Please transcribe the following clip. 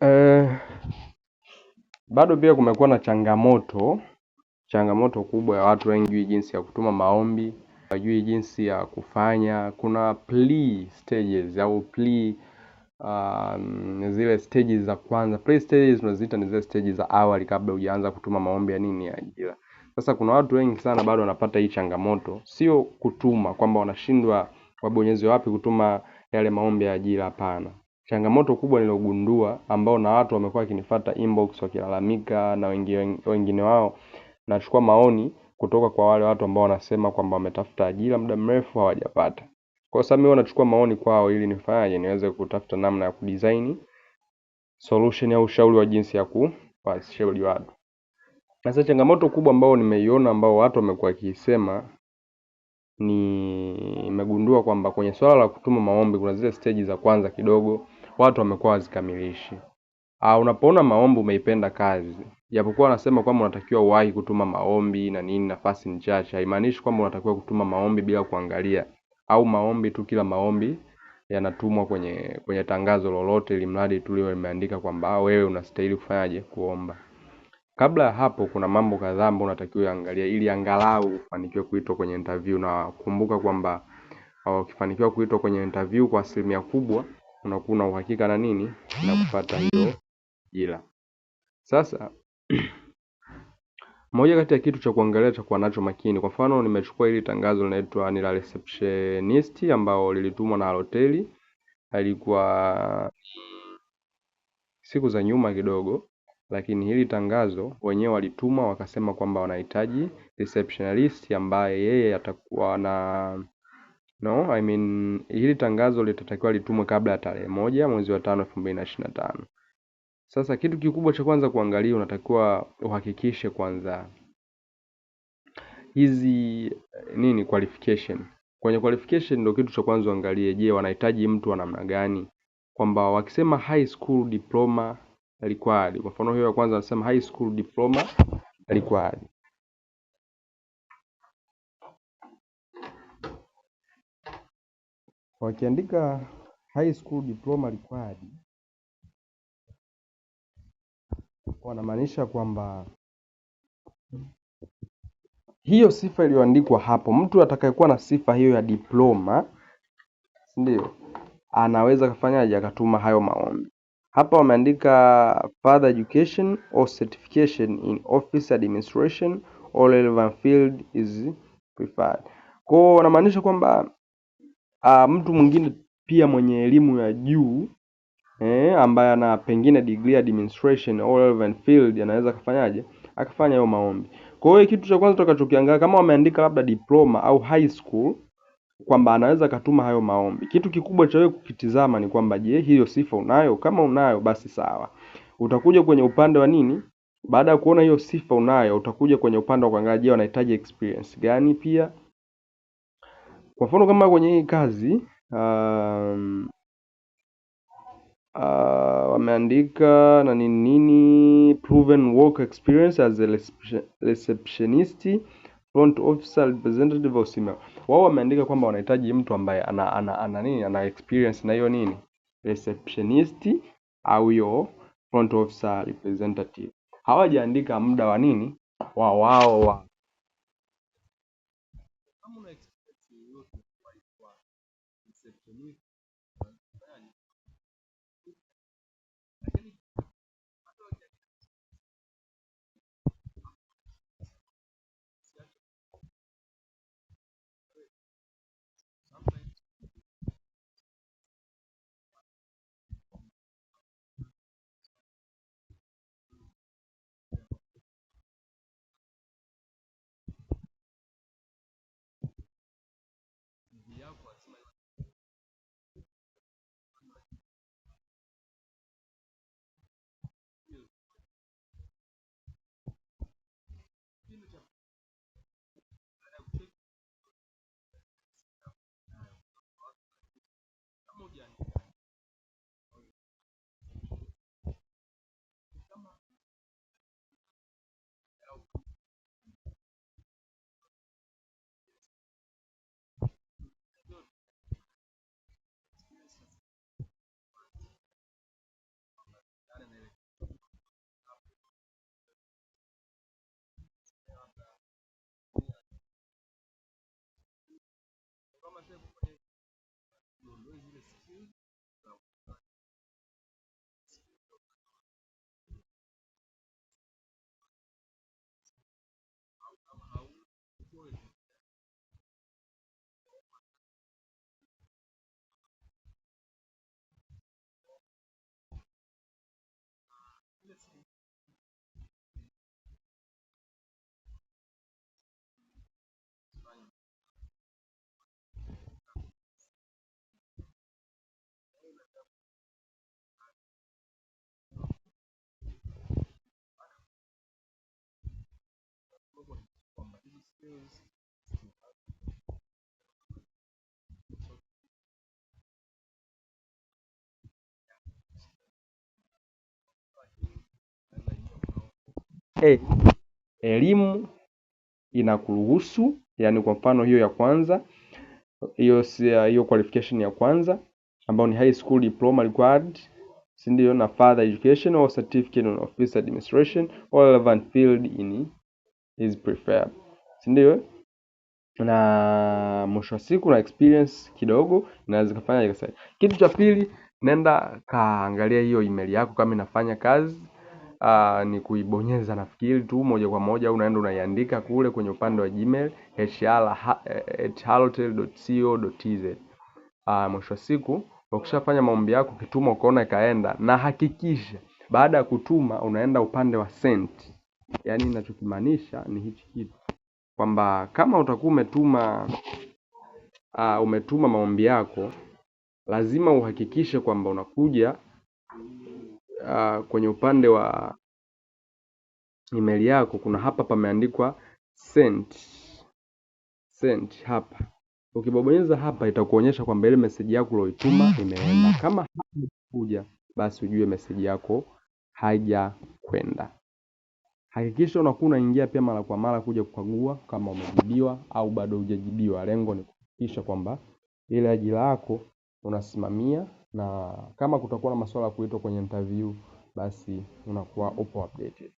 Eh, bado pia kumekuwa na changamoto changamoto kubwa ya watu wengi jinsi ya kutuma maombi, hawajui jinsi ya kufanya. Kuna plea stages au plea um, zile stages za kwanza. Plea stages tunaziita ni zile stages za awali kabla hujaanza kutuma maombi ya nini ya ajira. Sasa kuna watu wengi sana bado wanapata hii changamoto, sio kutuma kwamba wanashindwa wabonyeze wapi kutuma yale maombi ya ajira. Hapana. Changamoto kubwa niliogundua ambao na watu wamekuwa wakinifuata inbox wakilalamika na wengine wao nachukua maoni kutoka kwa wale watu ambao wanasema kwamba wametafuta ajira muda mrefu hawajapata. Kwa sasa mimi nachukua maoni kwao ili nifanye niweze kutafuta namna ya kudesign solution au ushauri wa jinsi ya kuwashauri watu. Sasa changamoto kubwa ambao nimeiona ambao watu wamekuwa wakisema nimegundua kwamba kwenye swala la kutuma maombi kuna zile stage za kwanza kidogo watu wamekuwa wazikamilishi. Ah, unapoona maombi umeipenda kazi, japokuwa anasema kwamba unatakiwa uwahi kutuma maombi na nini, nafasi ni chache, haimaanishi kwamba unatakiwa kutuma maombi bila kuangalia au maombi tu, kila maombi yanatumwa kwenye kwenye tangazo lolote, ili mradi tu liwe limeandika kwamba ah, wewe unastahili kufanyaje kuomba. Kabla ya hapo, kuna mambo kadhaa ambayo unatakiwa uangalie ili angalau ufanikiwe kuitwa kwenye interview, na kumbuka kwamba ah, ukifanikiwa kuitwa kwenye interview kwa asilimia kubwa unakuwa na uhakika na nini na kupata hiyo ajira. Sasa moja kati ya kitu cha kuangalia cha kuwa nacho makini, kwa mfano nimechukua hili tangazo linaitwa ni la receptionist ambao lilitumwa na hoteli, alikuwa siku za nyuma kidogo, lakini hili tangazo wenyewe walituma wakasema kwamba wanahitaji receptionist ambaye yeye atakuwa na No, I mean hili tangazo litatakiwa litumwe kabla ya tarehe moja mwezi wa tano elfu mbili na ishirini na tano. Sasa kitu kikubwa cha kwanza kuangalia, unatakiwa uhakikishe kwanza hizi eh, nini qualification. Kwenye qualification ndio kitu cha kwanza uangalie, je, wanahitaji mtu wa namna gani? Kwamba wakisema high school diploma required, kwa mfano hiyo ya kwanza wanasema high school diploma required wakiandika high school diploma required wanamaanisha kwamba hiyo sifa iliyoandikwa hapo, mtu atakayekuwa na sifa hiyo ya diploma, si ndio? Anaweza akafanyaje? Akatuma hayo maombi. Hapa wameandika further education or certification in office administration or relevant field is preferred. Kwa hiyo wanamaanisha kwamba Uh, mtu mwingine pia mwenye elimu ya juu eh, ambaye ana pengine degree administration or relevant field anaweza akafanyaje akafanya hayo maombi. Kwa hiyo kitu cha kwanza tutakachokiangalia kama wameandika labda diploma au high school kwamba anaweza akatuma hayo maombi. Kitu kikubwa cha wewe kukitizama ni kwamba je, hiyo sifa unayo? Kama unayo basi sawa. Utakuja kwenye upande wa nini? Baada ya kuona hiyo sifa unayo, utakuja kwenye upande wa kuangalia je, wanahitaji experience gani pia kwa mfano kama kwenye hii kazi um, uh, wameandika na ni nini, proven work experience as a receptionist front officer representative of Simeo. Wao wameandika kwamba wanahitaji mtu ambaye ana ana, ana nini ana experience na hiyo nini receptionist au hiyo front officer representative. Hawajaandika muda wa nini wa wao wa Hey, elimu inakuruhusu yani kwa mfano hiyo ya kwanza hiyo hiyo qualification ya kwanza ambayo ni high school diploma required si ndio na further education or certificate on office administration or relevant field in is preferred si ndio? Na mwisho wa siku na experience kidogo inaweza kufanya ikasaidia. Kitu cha pili, nenda kaangalia hiyo email yako kama inafanya kazi. Uh, ni kuibonyeza nafikiri tu moja kwa moja unaenda unaiandika kule kwenye upande wa Gmail hr@halotel.co.tz. Eh, uh, ah, mwisho wa siku ukishafanya maombi yako ukituma ukaona ikaenda, na hakikisha baada ya kutuma unaenda upande wa sent. Yaani ninachokimaanisha ni hichi kitu kwamba kama utakuwa umetuma uh, umetuma maombi yako lazima uhakikishe kwamba unakuja uh, kwenye upande wa email yako kuna hapa pameandikwa sent. Sent hapa ukibonyeza hapa itakuonyesha kwamba ile meseji yako ulioituma imeenda. Kama hakuja basi ujue meseji yako haijakwenda. Hakikisha unakuwa unaingia pia mara kwa mara kuja kukagua kama umejibiwa au bado hujajibiwa. Lengo ni kuhakikisha kwamba ile ajira yako unasimamia, na kama kutakuwa na maswala ya kuitwa kwenye interview, basi unakuwa upo updated.